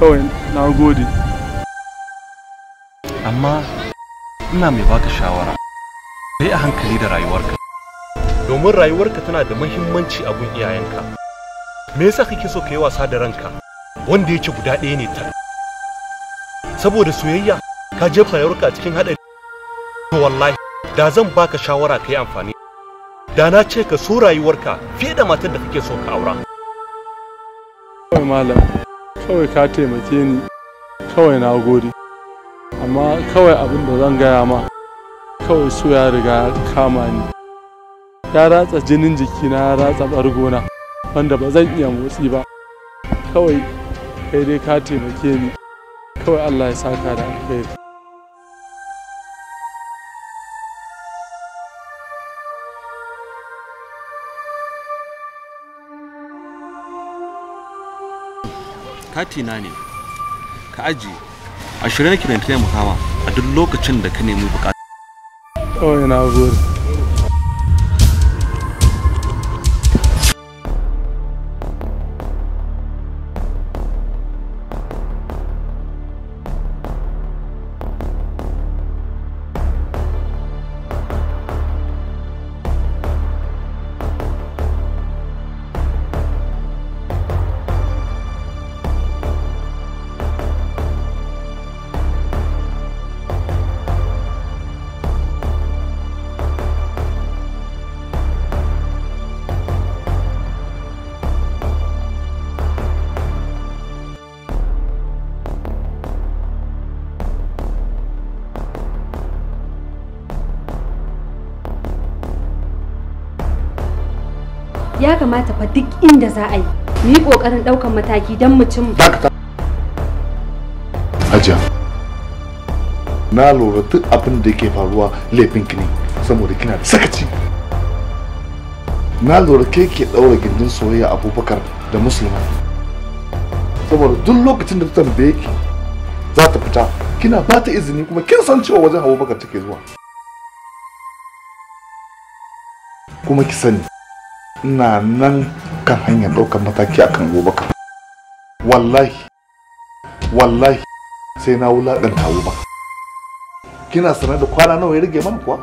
kawai na gode amma ina mai baka shawara kai a hankali da rayuwarka domin rayuwarka tana da mahimmanci a gun iyayenka me yasa kake so kai wasa da ranka wanda yake guda ɗaya ne ta saboda soyayya ka jefa rayuwarka cikin haɗari to wallahi da zan baka shawara kai amfani da na ce ka so rayuwarka fiye da matar da kake so ka aura malam kawai ka taimake ni kawai na gode amma kawai abin da zan gaya ma kawai so ya riga kama ni ya ratsa jinin jikina ya ratsa bargona wanda ba zan iya motsi ba kawai kai dai ka taimake ni kawai allah ya saka da alheri kati na ne ka aji a shirye nake na a duk lokacin da ka nemi bukata oh ina gode ya kamata fa duk inda za a yi mu yi ƙoƙarin ɗaukan mataki don mutum. Dakata. Hajiya. Na lura duk abin da yake faruwa laifinki ne saboda kina da sakaci. Na lura ke ke daura gindin soyayya Abubakar da Musulma. Saboda duk lokacin da ta tambaye ki za ta fita kina ba ta izini kuma kin san cewa wajen Abubakar take zuwa. Kuma ki sani na nan kan hanyar ɗaukar mataki akan abubakar wallahi wallahi sai na tawo ba. kina sanar da kwana nawa ya rage mana kuwa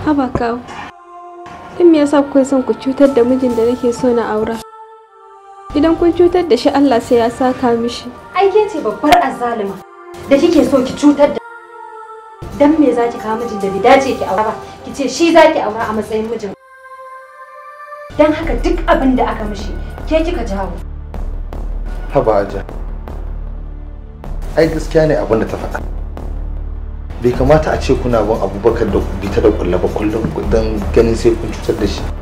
haba kawo me yasa kuka son ku cutar da mijin da nake so na aura idan kun cutar da shi Allah sai ya saka mishi ai ce babbar azzalima da kike so ki cutar da dan me za ki kawo mijin da bi dace ki aura ki ce shi za ki aura a matsayin mijin dan haka duk abin da aka mishi ke kika jawo haba aja ai gaskiya ne abin da ta faɗa bai kamata a ce kuna bin abubakar da bita da kulle ba kullum don ganin sai kun cutar da shi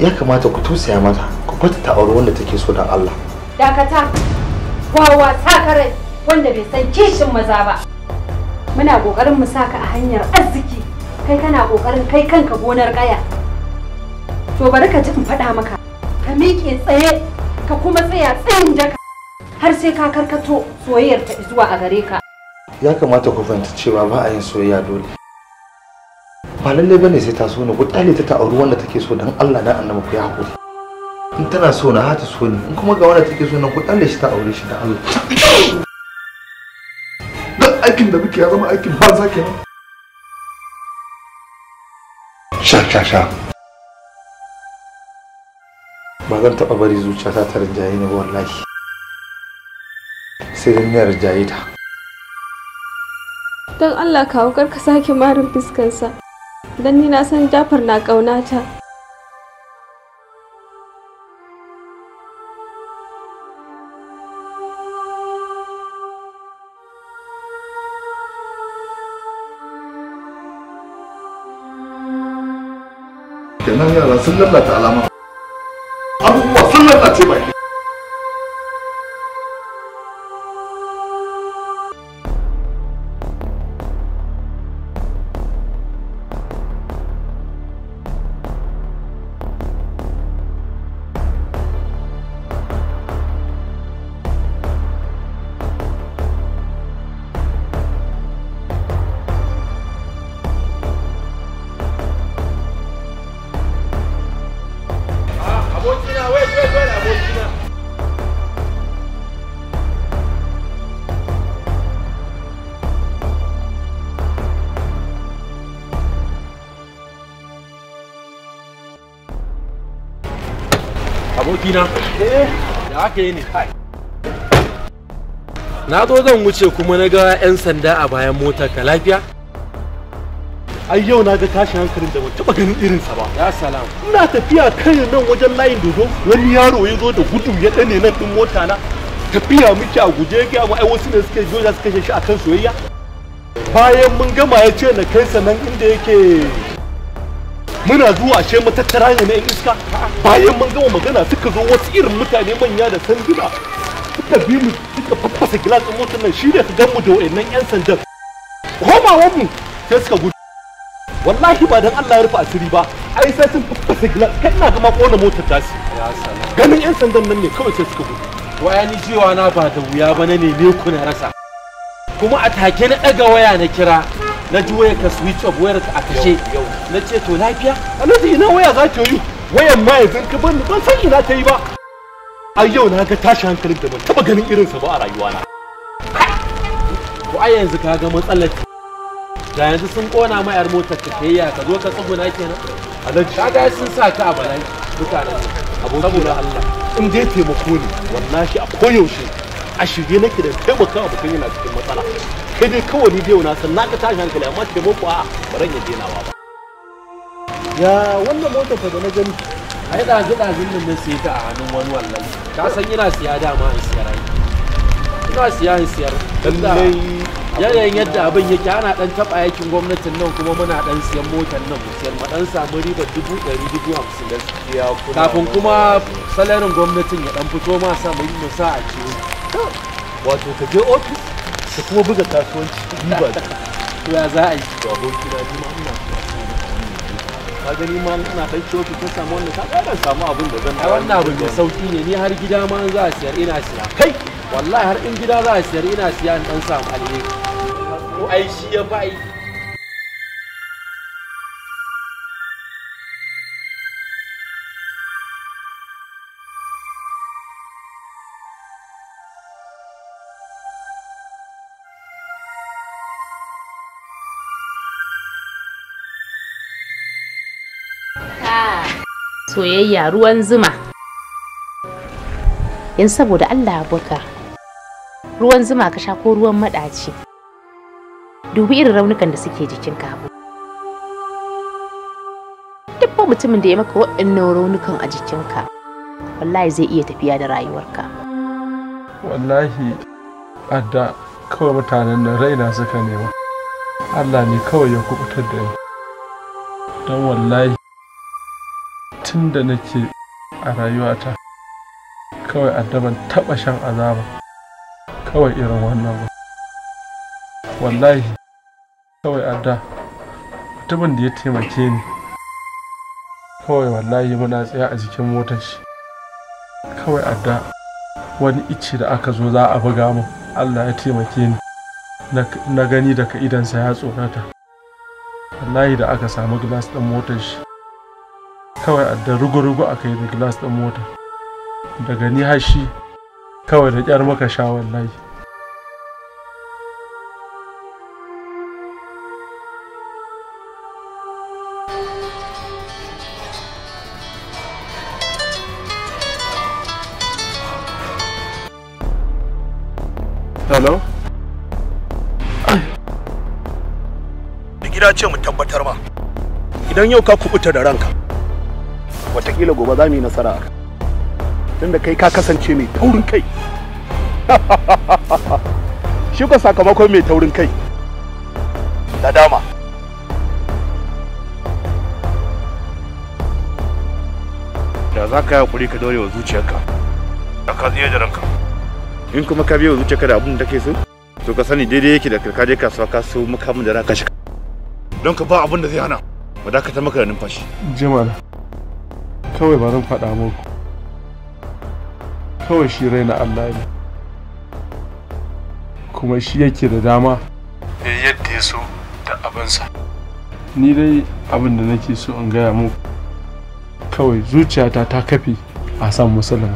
ya kamata ku tusaya mata ku kwatanta ta aure wanda take so dan Allah dakata ba wasa kare wanda bai san kishin maza ba muna ƙoƙarin mu saka a hanyar arziki kai kana ƙoƙarin kai kanka gonar ƙaya? to bari ka ji in faɗa maka ka miƙe tsaye ka kuma tsaya tsayin jaka har sai ka karkato soyayyar ta zuwa a gare ka ya kamata ku fahimta cewa ba a yin soyayya dole ba lalle bane sai ta so ni ku kyale ta ta auri wanda take so dan Allah na annabi ku ya hakuri in tana so na ta so ni in kuma ga wanda take so na ku kyale shi ta aure shi da Allah dan aikin da muke ya zama aikin banza kenan sha sha sha ba zan taɓa bari zuciyata ta rinjaye ne wallahi sai dai na rinjaye ta don Allah kawo karka sake marin fuskansa don ni na san jafar na ƙaunata kenan yara sun lallata alama abubuwa sun lallace baki abokina eh, na zo zan wuce kuma na ga 'yan sanda a bayan mota ka lafiya ai yau na ga tashin hankalin da ban ganin ganin irinsa ba ya salam ina tafiya kan nan wajen layin dodo wani yaro ya zo da gudu ya dane nan din mota na tafiya muke a guje ya gaya ai wasu ne suke joja suke kashe shi akan soyayya bayan mun gama ya ce na kai sa nan inda yake muna zuwa ce mu tattara ne na yan iska bayan mun gama magana suka zo wasu irin mutane manya da sanduna suka bi mu suka fafasa gilas ɗin motar nan shi ne su gan mu da wayannan yan sandan komawar mu sai suka gudu wallahi ba dan Allah ya rufe asiri ba ai sai sun fafasa gilas kai ina gama kona motar tasi ganin yan sandan nan ne kawai sai suka gudu waya ni cewa na ba da wuya ba na ne ku na rasa kuma a take na ɗaga waya na kira na ji waya ka switch off wayar ka a kashe na ce to lafiya A alhaji ina waya za ta yi wayan ma yanzu ka ban ban san ina ta yi ba a yau na ga tashi hankalin da ban taba ganin irinsa ba a rayuwana to ai yanzu ka ga matsalar da yanzu sun kona ma yar motar ta kayya ka zo ka tsuguna kenan alhaji ka ga sun sa ka a bala'i mutanen saboda Allah in dai taimako ne wallahi a koyaushe a shirye nake da taimaka abokan yana cikin matsala kai dai kawai ni biyu na san naka tashi hankali amma taimako a ba ran ya denawa ba ya wannan motar fa da na gani ai ɗazu ɗazun nan na siya ta a hannun wani wallan ka san ina siya da ma in siyar ai ina siya in siyar lallai yanayin yadda abin yake ana ɗan taɓa aikin gwamnatin nan kuma muna ɗan siyan motar nan mu siyar mu ɗan samu riba dubu ɗari dubu hamsin gaskiya kafin kuma salarin gwamnatin ya ɗan fito ma sa mu yi mu a ciwo wato ka je ofis ka kuma buga kasuwanci riba ce ya za a yi ba ko kira ji ma ina ka gani ma ina kai shoki ka samu wannan ka dan samu abin da zan ai wannan abu mai sauki ne ni har gida ma za a siyar ina siya kai wallahi har in gida za a siyar ina siya in dan samu alheri ko ai shi ya bai soyayya ruwan zuma in saboda Allah baka ruwan zuma ka sha ko ruwan maɗaci dubi irin raunukan da suke jikin ka duk ba mutumin da ya maka waɗannan raunukan a jikinka wallahi zai iya tafiya da rayuwarka wallahi adda kawai mutanen nan raina suka nema Allah ne kawai ya kubutar da ni don wallahi tun da nake a rayuwata kawai addaban taɓa shan azaba kawai irin wannan ba wallahi kawai adda mutumin da ya taimake ni kawai wallahi muna tsaye a jikin motar shi kawai adda wani icce da aka zo za a buga mu allah ya taimake ni na gani daga idansa ya tsorata wallahi da aka samu glass ɗin motar shi kawai da rugu-rugu a kai da glass ɗin mota daga ni hashi kawai da ƙyar maka sha wallahi Hello? gida ce mu tabbatar ma idan yau ka kubuta da ranka watakila gobe za mu yi nasara tunda kai ka kasance mai taurin kai shi ba sakamakon mai taurin kai da dama da za ka yi hakuri ka dore wa zuciyarka da ka tsaye da ranka in kuma ka biya wa zuciyarka da abin da ke so to ka sani daidai yake da ka je kasuwa ka so makamin da ranka shi don ka ba abin da zai hana mu dakatar maka da numfashi jimala kawai barin faɗa muku kawai shi raina Allah ne kuma shi yake da dama da yadda ya so da abinsa ni dai abin da nake so in gaya muku kawai zuciyata ta kafe a san musulma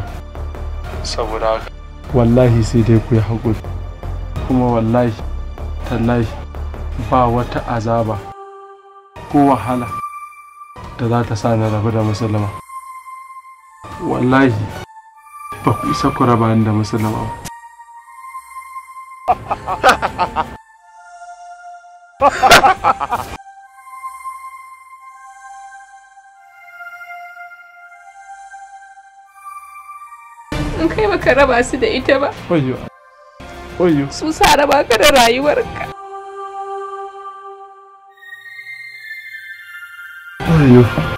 saboda haka wallahi sai dai ku yi haƙuri kuma wallahi tallahi ba wata azaba ko wahala da za ta sa na rabu da musulma wallahi ba ku isa ku raba da musulma ba in kai baka raba su da ita ba. Oyo. Oyo. Su sa raba ka da rayuwarka. Oyo.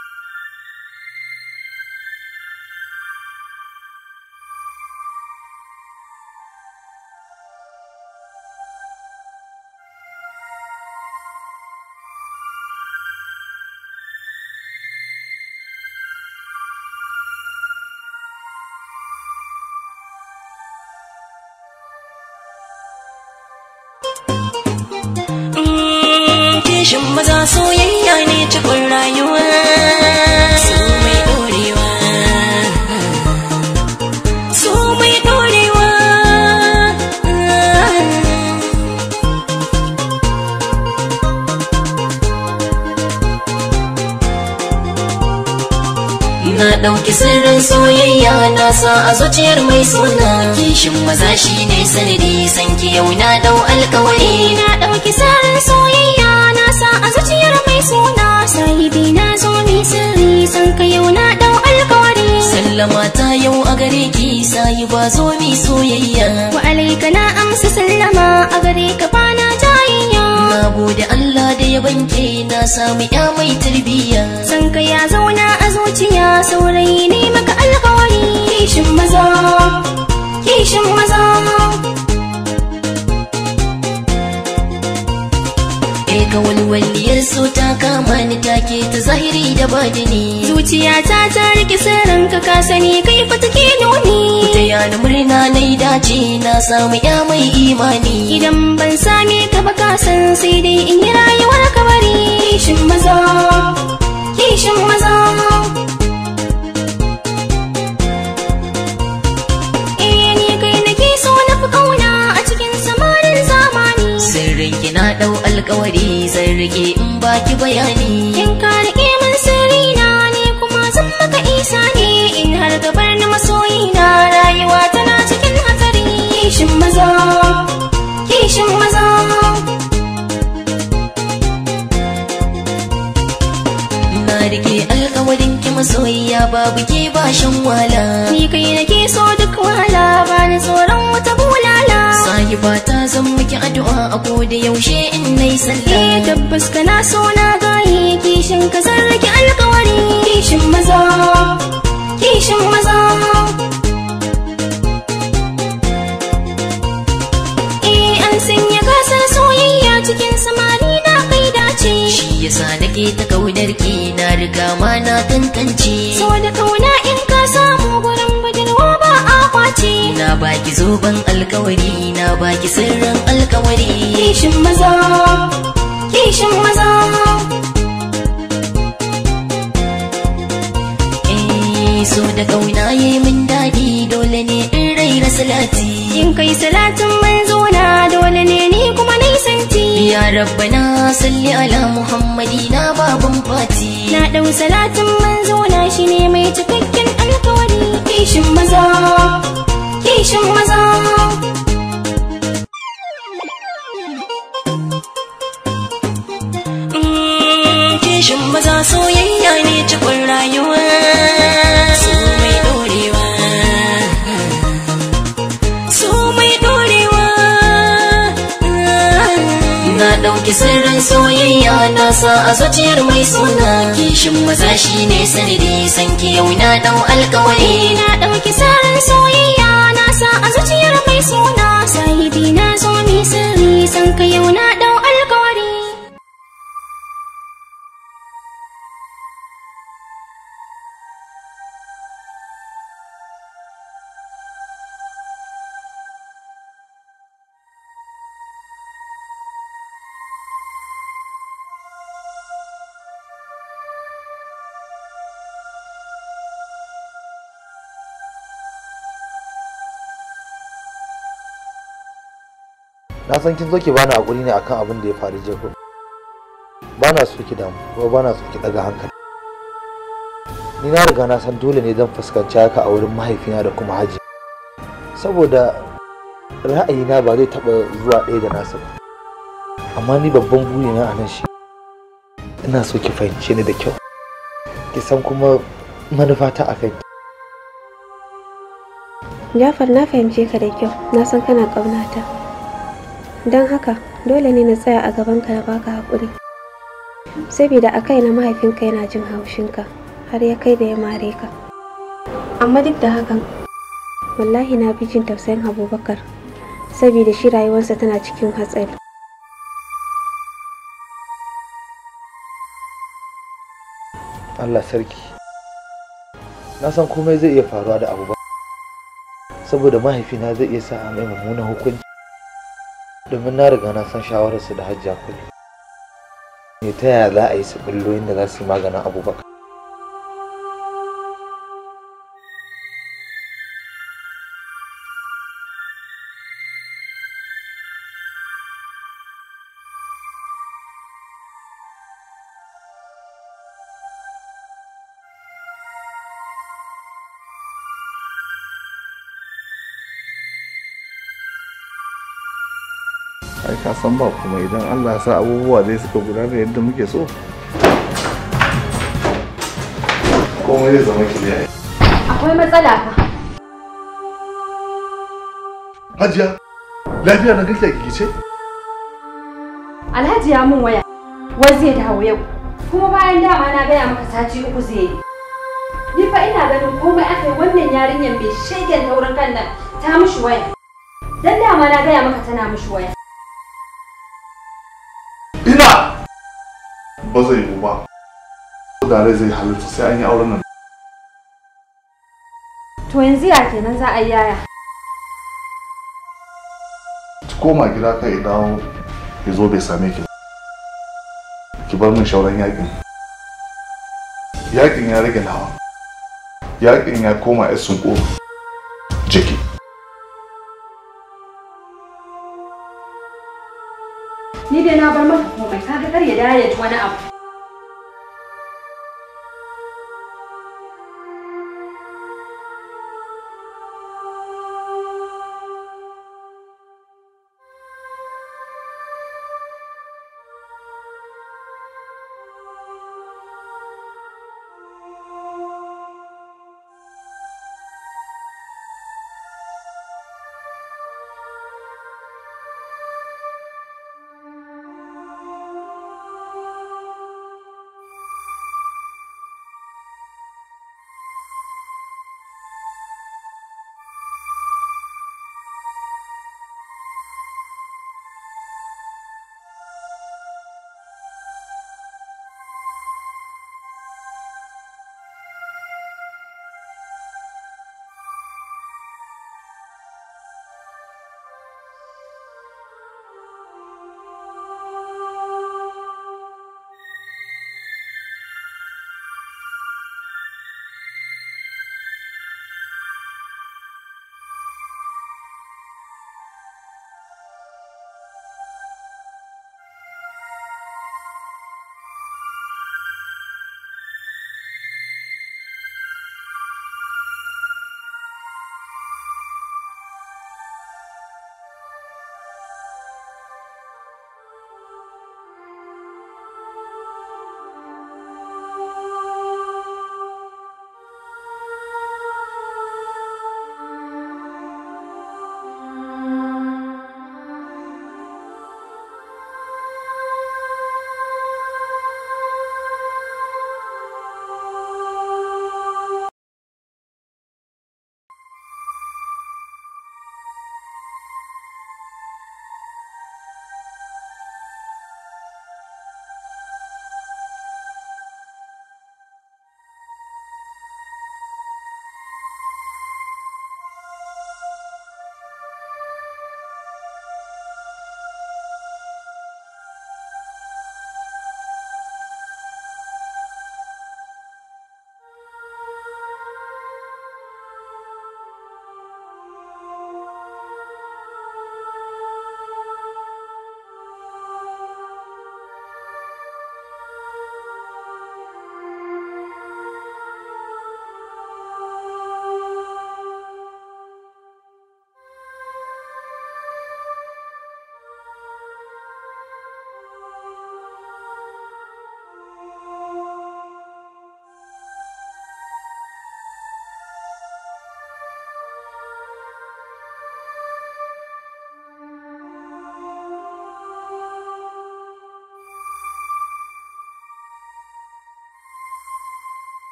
maza ne sanadi ki yau na dau alkawari na dauki sarin soyayya na sa a zuciyar mai suna sahibi na zo sirri san ka yau na dau alkawari sallama ta yau a gare ki sai ba zo mi soyayya wa alaika na amsa sallama a gare ka bana tayayya na gode Allah da ya banke na samu ya mai tarbiyya san ka ya zauna a zuciya saurayi ne maka alkawari kishin maza kishin maza eh, ga walwaliyar so ta kama ni take ta zahiri da badini zuciya Zuciyata ta rike sirrin ka ka sani kai fa take nuni ta yana murna na dace na samu ya mai imani idan ban same ka ba ka san sai dai in yi rayuwar kabari kishin maza kishin maza na dau alkawari zan rike in baki bayani kin ka rike min na ne kuma zan maka isa ne in har gabar na masoyi na rayuwa tana cikin hatsari kishin maza kishin maza na rike alkawarin ki masoyiya babu ke bashin wala ni kai nake so duk wala ba ni tsoron wallahi ba ta zan miki addu'a a ko da yaushe in nayi sallah eh tabbas kana so na gaye kishin ka sarki alƙawari kishin maza kishin maza eh an sanya gasar soyayya cikin samari na kai dace shi yasa nake ta kaunar ki na riga ma na tantance so da kauna ce na baki zoben alkawari na baki sirrin alkawari kishin maza kishin maza eh, so da kauna yi min daɗi dole ne in raira salati in kai salatin manzo na dole ne ni kuma na santi ya rabbana salli ala muhammadi na baban fati na ɗau salatin manzo na shine mai cikakken alkawari kishin maza kishin maza sirrin soyayya na sa a zuciyar mai suna kishin maza shi ne sirri san ki yau na dau alkawari na dauki sirrin soyayya na sa a zuciyar mai suna sahibi na zo ni sirri san ka yau na na san kin zo ki bani hakuri ne akan abin da ya faru jiya ko ba na so ki damu kuma ba na so ki daga hankali ni na riga na san dole ne zan fuskanci haka a wurin mahaifina da kuma haji saboda ra'ayina ba zai taba zuwa ɗaya da nasa ba amma ni babban burina a nan shi ina so ki fahimce ni da kyau ki san kuma ta a kai Jafar na fahimce ka da kyau na san kana ƙaunata. don haka dole ne na tsaya a gaban ka na baka haƙuri saboda a kai na mahaifinka yana jin haushinka har ya kai da ya mare ka amma duk da hakan wallahi na fi jin tausayin abubakar saboda shi rayuwarsa tana cikin hatsari Allah sarki na san komai zai iya faruwa da abubakar saboda mahaifina zai iya sa a mai mummunan hukunci domin na riga na san shawararsu da hajja kullum ne ta yaya za a yi su bullo inda za su yi maganin abubakar ai ka san ba kuma idan allah sa abubuwa zai suka gudana yadda muke so komai zai zama kiliya akwai matsala ka? hajiya lafiya na kake ce. alhaji ya mun waya wai zai dawo yau kuma bayan dama na gaya maka sati uku zai yi ni fa ina ganin komai aka yi wannan yarinyar mai shegen taurin kan nan ta mushi waya dan dama na gaya maka tana mushi waya ina ba zai yiwu ba zai halitta sai an yi auren nan to yanzu ya kenan za a yi yaya ki koma gida ka yi dawo ya zo bai same ki ki bar min shauran yakin yakin ya rage nawa yakin ya koma ya sunko When abu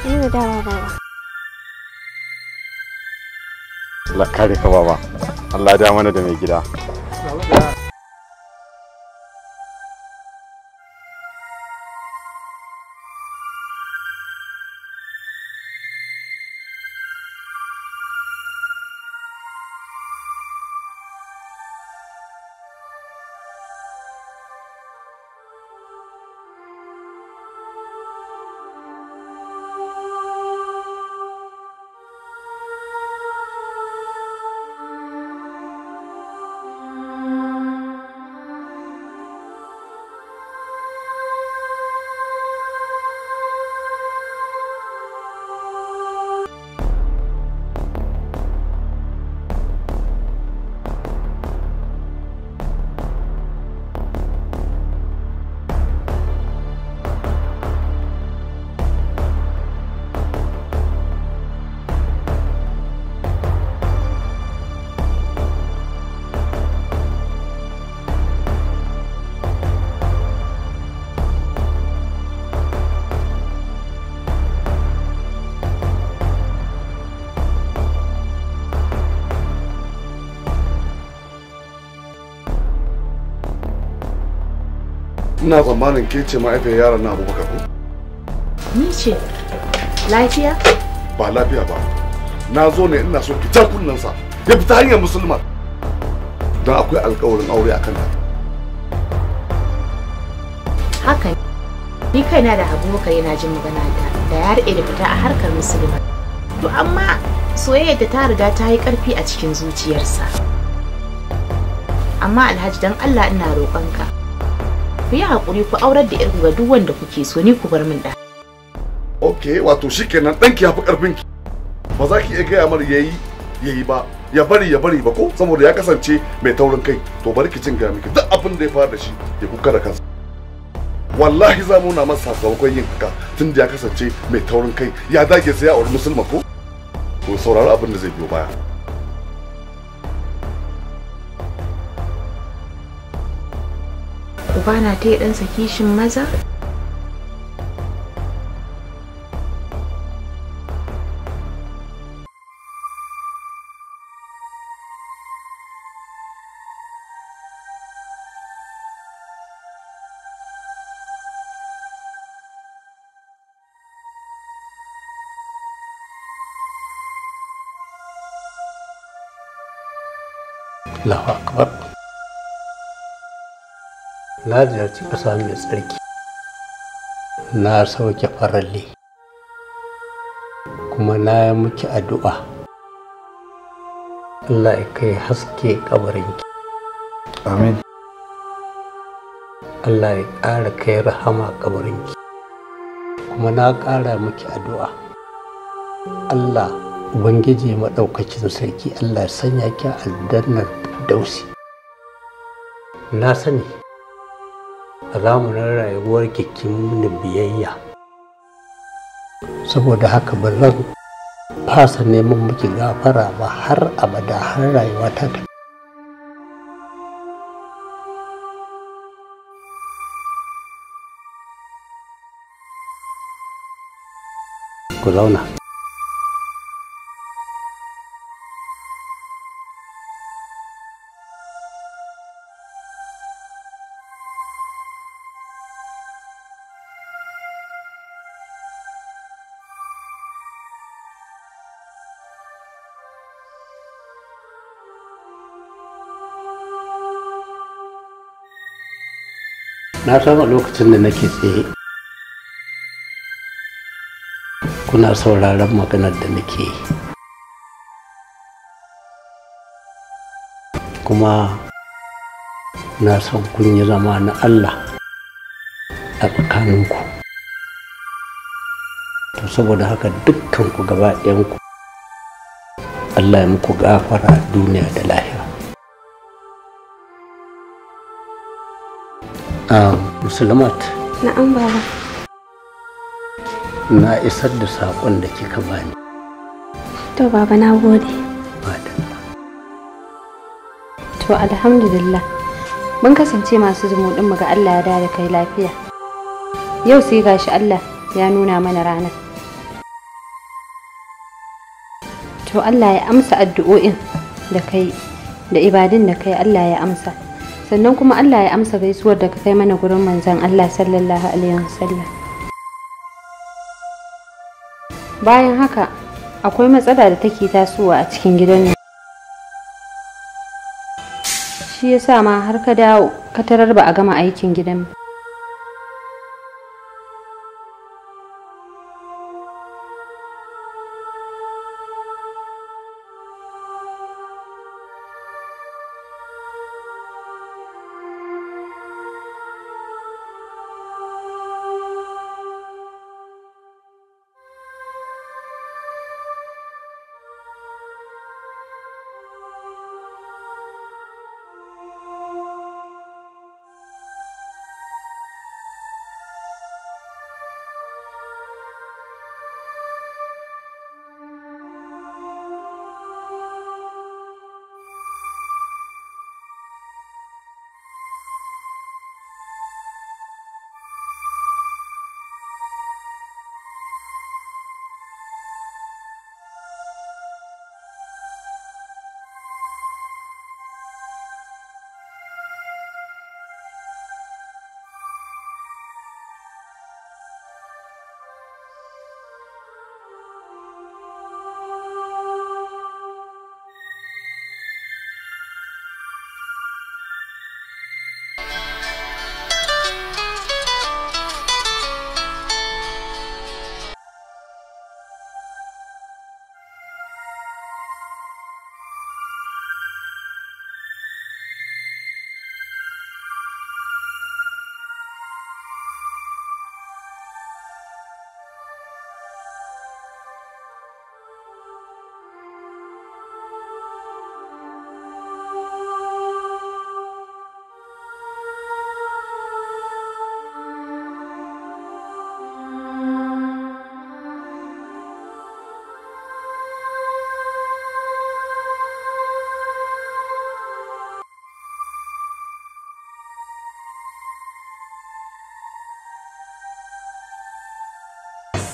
Ni dawa baba. Allah kare ka baba. Allah da mana da mai gida. ina tsammanin ke ce ma'aifiyar yaron na abubakar ko ni ce lafiya ba lafiya ba na zo ne ina so fitar kunnansa ya fita hanyar musulma don akwai alkawarin aure akan ta haka ni kaina da abubakar yana jin magana da ya daɗe da fita a harkar musulma to amma soyayya da ta riga ta yi ƙarfi a cikin zuciyarsa amma alhaji don allah ina roƙonka ku yi hakuri ku aurar da irin ga duk wanda kuke so ni ku bar min da okay wato shikenan danki ya fi karfin ki ba za ki iya gaya mana yayi yayi ba ya bari ya bari ba ko saboda ya kasance mai taurin kai to bari ki cin gaya miki duk abin da ya fara da shi ya ku da kansa wallahi za mu na masa sakamakon yin haka tun da ya kasance mai taurin kai ya dage sai ya auri musulma ko to saurari abin da zai biyo baya uba na ta yi ɗansa kishin maza Allahu Akbar. na ziyarci ƙasa mai tsarki na sauke faralle kuma na yi miki addu'a Allah ya kai haske ƙabarinki amin Allah ya ƙara kai rahama ƙabarinki kuma na ƙara miki addu'a Allah Ubangiji maɗaukacin sarki Allah ya sanya ki aljannar dausi na sani a zamanin rayuwar kikin biyayya saboda haka ba zan fasa neman miki gafara ba har abada har rayuwa ta ta ku zauna na san a lokacin da nake tsaye kuna sauraron maganar da nake yi kuma na san kun yi zama na Allah a tsakaninku to saboda haka dukkanku gaba ɗayanku Allah ya muku gafara duniya da lahira Ah, musulmat na'am baba na isar da saƙon da kika bani to baba na gode to alhamdulillah mun kasance masu zumuɗin mu ga Allah ya da kai lafiya yau sai gashi Allah ya nuna mana ranar to Allah ya amsa addu'o'in da kai da ibadin da kai Allah ya amsa sannan kuma Allah ya amsa gaisuwar da ka kai mana gurin manzan Allah sallallahu alaihi wasallam bayan haka akwai matsala da take tasowa a cikin gidan nan shi yasa ma har ka dawo ka tarar ba a gama aikin gidan ba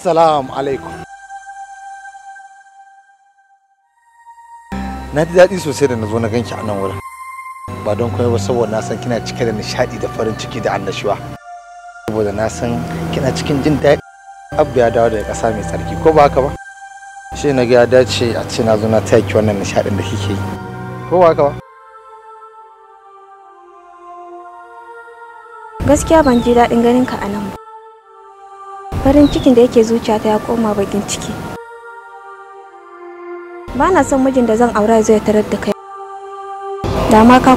Assalamu alaikum. Na ji daɗi sosai da na zo na ganki a nan wurin. Ba don kuma ba saboda na san kina cike da nishaɗi da farin ciki da annashuwa. Saboda na san kina cikin jin daɗi. Abba ya dawo daga ƙasa mai tsarki ko ba haka ba? Shi na ga ya dace a ce na zo na taya ki wannan nishaɗin da kike yi. Ko ba haka ba? Gaskiya ban ji daɗin ganin ka a nan ba. farin cikin da yake zuciyata ya koma bakin ciki ba na son mijin da zan aura zai tarar da kai da ma ka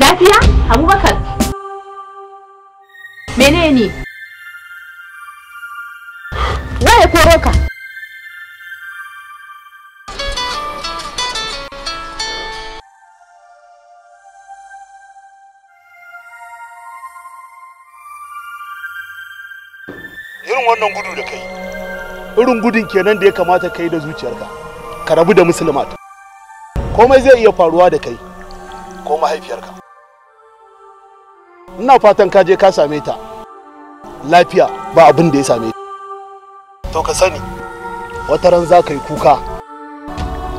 Lafiya? Abubakar? Menene? Waye koro ka? Irin wannan gudu da kai. Irin gudun kenan da ya kamata kai da zuciyarka. Ka rabu da musulmat Komai zai iya faruwa da kai ko mahaifiyarka. ina fatan ka je ka same ta lafiya ba abin da ya same ta. to ka sani wata ran za ka yi kuka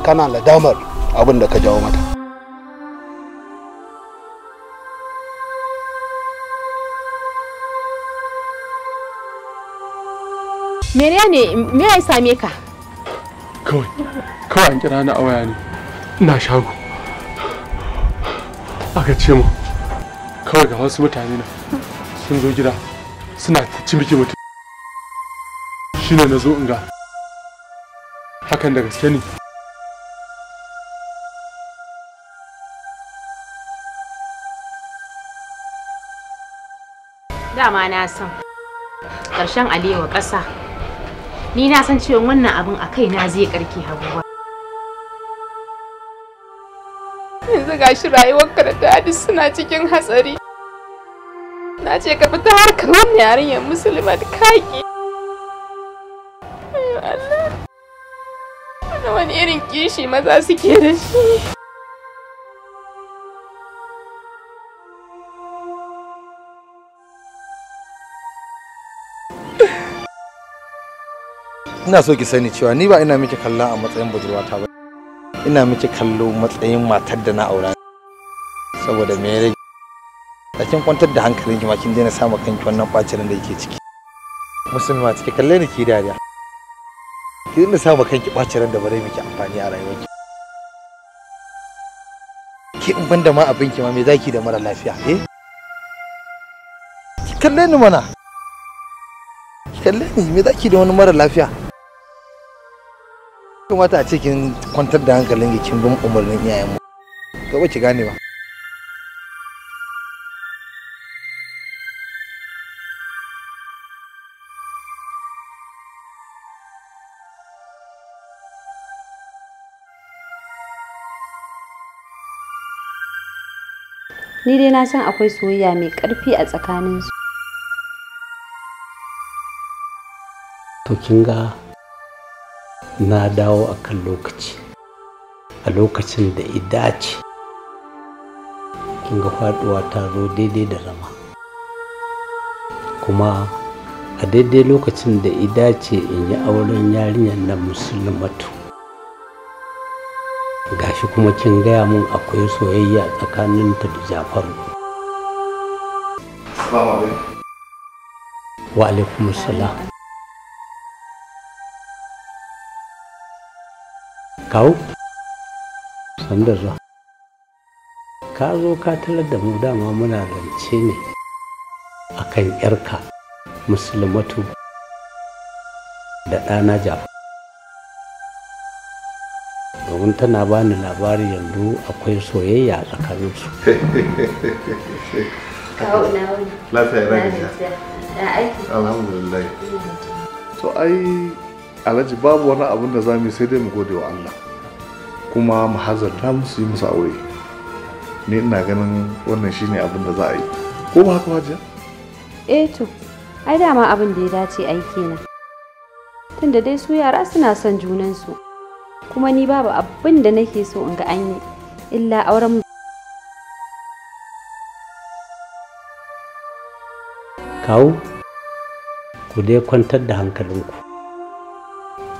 kana ladamar abin da ka jawo mata Meriane, me ya same ka kawai kawai an kira ni a waya ne ina shago aka ce mu kawai ga wasu mutane na sun zo gida suna cimiki mutum shine na zo in hakan da gaske ne dama na san ƙarshen alewa ƙasa ni na san cewa wannan abin a kaina zai ƙarke haguwa yanzu gashi rayuwarka da ta suna cikin hatsari na ce ka fita harkar wannan yarinyar musulma da kaki Allah wani irin kishi maza suke da shi ina so ki sani cewa ni ba ina miki kallon a matsayin budurwata ba ina miki kallo matsayin matar da na aura saboda me rage kin kwantar da hankalin ki ma kin daina samu kanki wannan bacin da yake ciki musulma cike kalle ni ki dariya ki daina samu kanki bacin da bare miki amfani a rayuwarki ki in banda ma abin ki ma me zaki da mara lafiya eh ki kalle ni mana ki kalle ni me zaki da wani mara lafiya kuma a ce kin kwantar da hankalin ki kin bin umarnin iyayenmu gaba ki gane ba ni dai na san akwai soyayya mai ƙarfi a tsakanin to ga na dawo a kan lokaci a lokacin da ya dace kin faɗuwa ta zo daidai da rama kuma a daidai lokacin da idace dace in yi auren yarinyar na musulmatu shi kuma kin gaya mun akwai soyayya tsakaninta da jafaru wa alaikum kawo sandar zuwa ka zo ka talar da mu dama muna rance ne akan yarka musulmatu da ɗana jafar domin tana bani labari yanzu akwai soyayya a tsakanin su lafiya to ai alhaji babu wani abin da zamu sai dai mu gode wa Allah kuma mu hazarta musu yi musu aure ni ina ganin wannan shine abin da za a yi ko ba haka wajen eh to ai dama abin da ya dace aiki na tunda dai su yara suna son junansu kuma ni babu abin da nake so in ga anyi illa auren kawo ku dai kwantar da hankalinku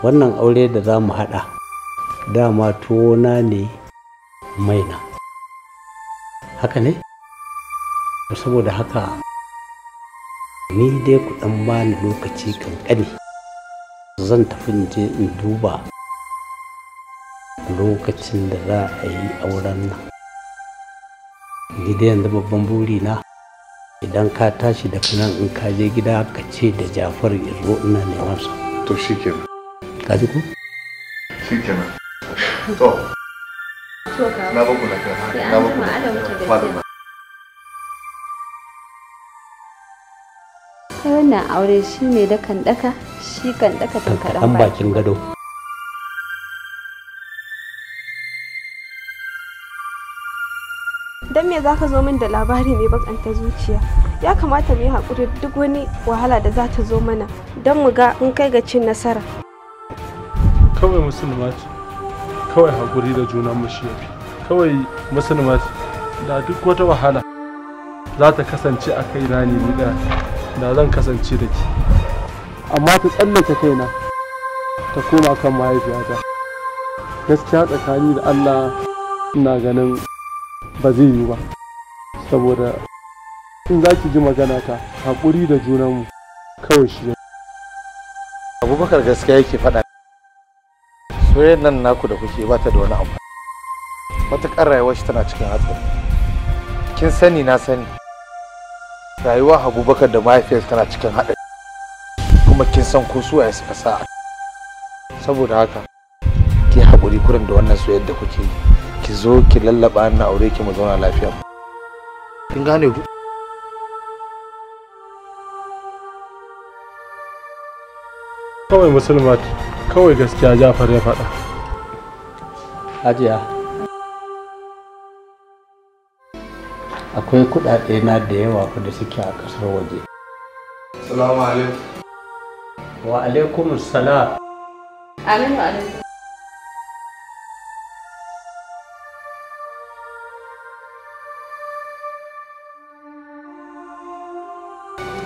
wannan aure da za mu haɗa dama tuwona ne maina haka ne saboda haka ni dai ku ɗan bani lokaci kankani zan tafi in je in duba lokacin da za a yi auren nan gida yanzu babban buri na idan ka tashi da kanan in ka je gida ka ce da jafar ya ina neman sa to shi kenan ka ji ko shi kenan to na baku na ba na baku na kai wannan aure shi ne da kan daka shi kan daka tun kaɗan bakin gado don me ka zo min da labari mai bakanta zuciya ya kamata mu yi haƙuri duk wani wahala da za ta zo mana don mu ga in kai ga cin nasara kawai musulma ce kawai haƙuri da juna mu shi yafi kawai musulma ce da duk wata wahala za ta kasance a kai na ne da da zan kasance da ke amma ta tsallake kaina ta koma kan mahaifiyata gaskiya tsakani da allah ina ganin ba zai yiwu ba saboda in za ki ji magana ta haƙuri da junanmu kawai shi abubakar gaskiya yake faɗa soyayyar nan naku da kuke ba ta da wani abu matuƙar rayuwar shi tana cikin hatsari kin sani na sani rayuwa abubakar da mahaifiyarsa tana cikin haɗari kuma kin san ko suwaye suka sa saboda haka ki haƙuri kurin da wannan soyayyar da kuke yi ki zo ki lallaba na aure ki mu zauna lafiya kin gane ku kawai musulma kawai gaskiya jafar ya faɗa hajiya akwai kuɗaɗe na da yawa da suke a ƙasar waje salamu alaikum wa alaikum salam alaikum alaikum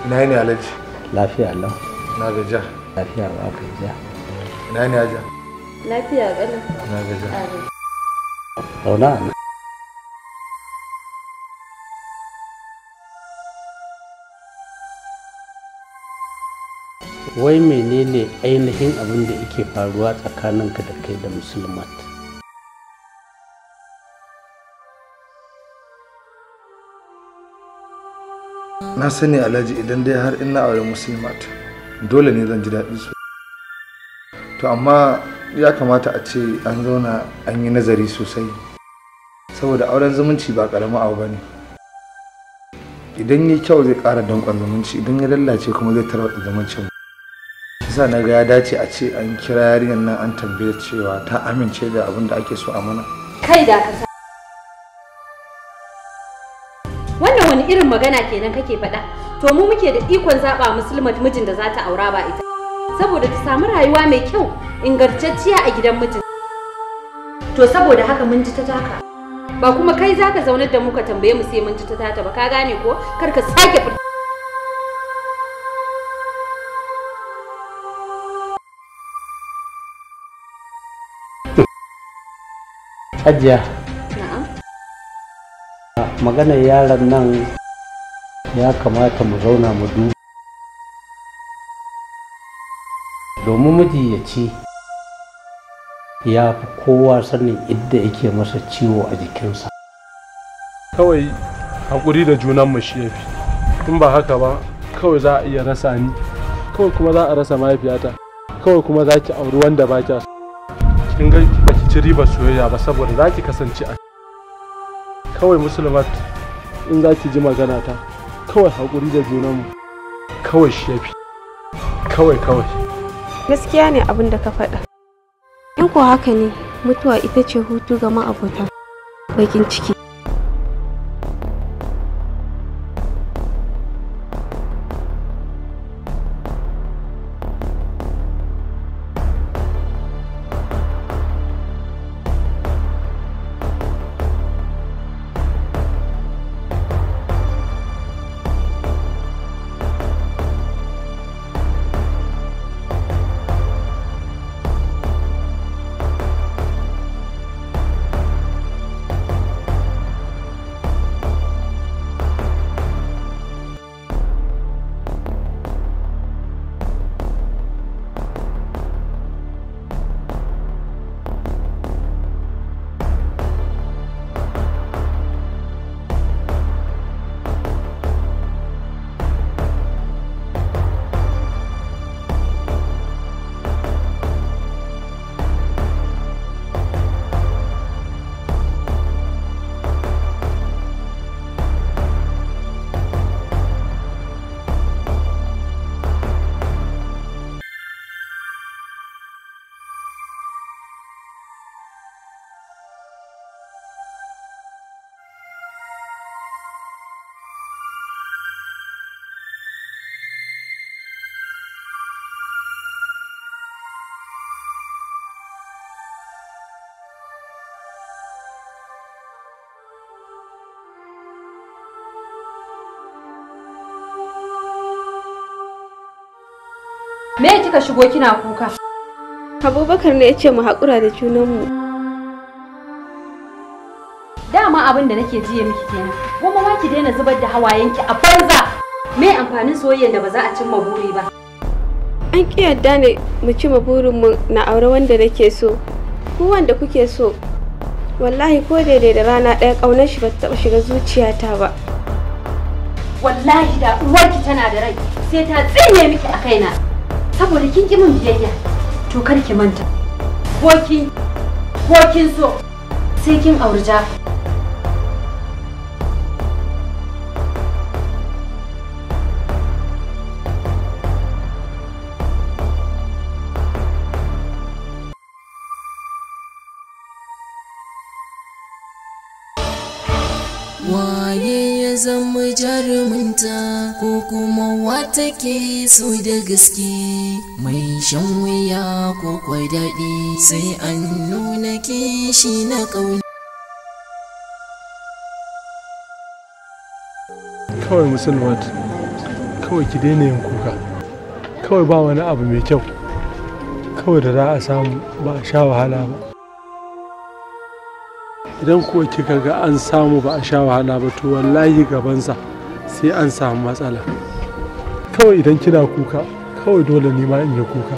Ina ne alaji? Lafiya lau. Na gaja. Lafiya ba gaja. Ina ne aja? Lafiya ganin. Na gaja. Zauna Wai menene ainihin abin da yake faruwa tsakaninka da kai da musulmat? na sani alhaji idan dai har ina aure musulmat dole ne zan ji daɗi su to amma ya kamata a ce an zauna an yi nazari sosai saboda auren zumunci ba ƙaramin abu ba ne idan ya kyau zai ƙara danƙon zumunci idan ya lallace kuma zai tarwata zumuncin sa na ga ya dace a ce an kira yarinyar nan an tambaye cewa ta amince da abin da ake so a mana kai da ka irin magana kenan kake faɗa to mu muke da ikon zaɓa musulmat mijin da za ta aura ba ita saboda ta samu rayuwa mai kyau ingantacciya a gidan mijin to saboda haka mun ji ta taka ba kuma kai zaka zaunar da muka tambaye mu sai mun ji ta tata ba ka gane ko kar ka sake fita Hajiya. Na'am. Magana yaron nan ya kamata mu zauna mu duba domin miji ya ci ya fi kowa sanin idda yake masa ciwo a jikinsa kawai haƙuri da junanmu shi ya fi in ba haka ba kawai za a iya rasa ni kawai kuma za a rasa mahaifiyata kawai kuma za ki auri wanda ba kya kin ga ba ki ci riba soyayya ba saboda za ki kasance a kawai musulmat in za ki ji magana ta kawai haƙuri da junanmu kawai shafi kawai kawai gaskiya ne abin da ka faɗa in ko haka ne mutuwa ita ce hutu ga ma'abota bakin ciki me kika shigo kina kuka abubakar ne ya ce mu haƙura da junanmu dama abin da nake jiya miki kenan goma ma ki daina zubar da hawayenki a banza me amfanin soyayyar da ba za a cimma buri ba an ki yadda ne mu cimma burinmu na aure wanda nake so ku wanda kuke so wallahi ko daidai da rana ɗaya ƙaunar shi ba ta taɓa shiga zuciyata ba wallahi da uwarki tana da rai sai ta tsinye miki a kaina saboda kin ki min biyayya to kar ki manta ko kin ko kin so sai kin auri ya zama jarum? mota ko kuma wata ke so da gaske mai shan wuya ko kwai daɗi sai an nuna ke shi na ƙauni. kawai musulmat kawai ki daina yin kuka kawai ba wani abu mai kyau kawai da za a samu ba a sha wahala ba idan kuwa kika ga an samu ba a sha wahala ba to wallahi gabansa sai an samu matsala kawai idan kina kuka kawai dole ne ma in yi kuka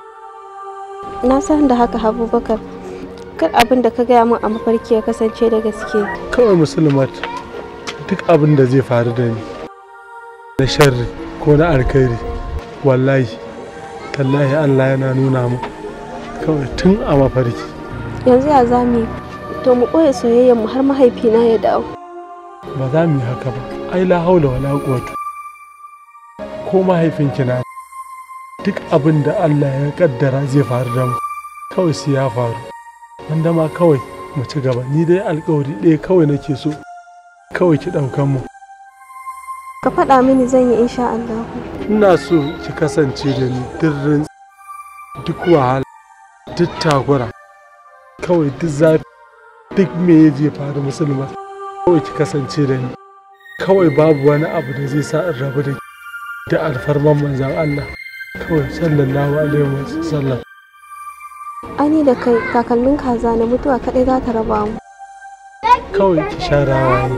na san da haka abubakar kar abin da ka gaya min a mafarki ya kasance da gaske kawai musulmat duk abin da zai faru da ni na sharri ko na alkhairi wallahi tallahi allah yana nuna mu kawai tun a mafarki yanzu ya za mu to mu ɓoye soyayyar mu har mahaifina ya dawo ba za mu yi haka ba ai la haula wala quwwata ko mahaifinki na duk abin da Allah ya kaddara zai faru da mu kawai sai ya faru wanda ma kawai mu ci gaba ni dai alkawari ɗaya kawai nake so kawai ki ɗaukan mu ka faɗa mini zan yi insha Allah ina so ki kasance da ni dirrin duk wahala duk takura kawai duk zafi duk me ya je faru musulma kawai ki kasance da ni kawai babu wani abu da zai sa in rabu da da alfarman manzan Allah kawai sallallahu alaihi wa sallam ani da kai takalmin kaza na mutuwa kadai za ta raba mu kawai ki sha rawa ne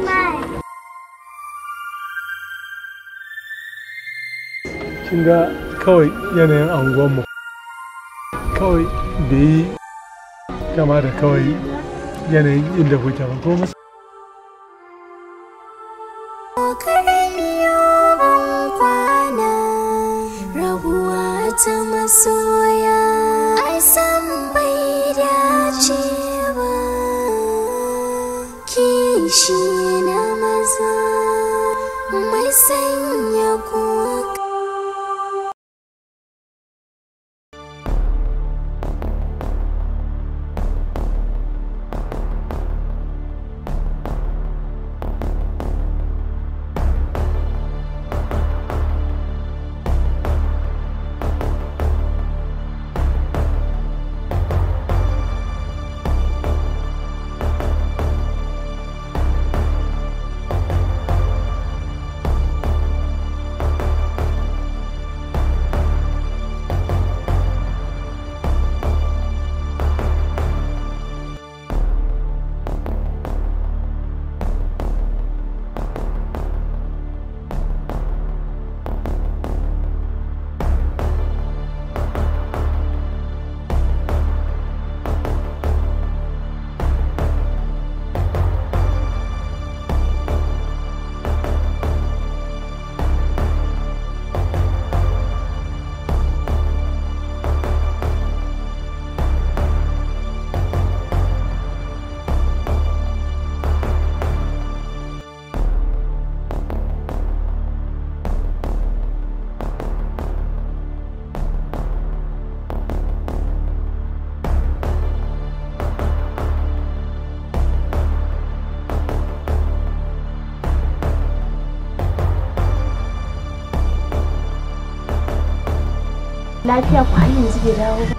kin ga kawai yanayin mu kawai bai yi kama da kawai yanayin inda kuke ba kuma lafiya ku har yanzu bai dawo ba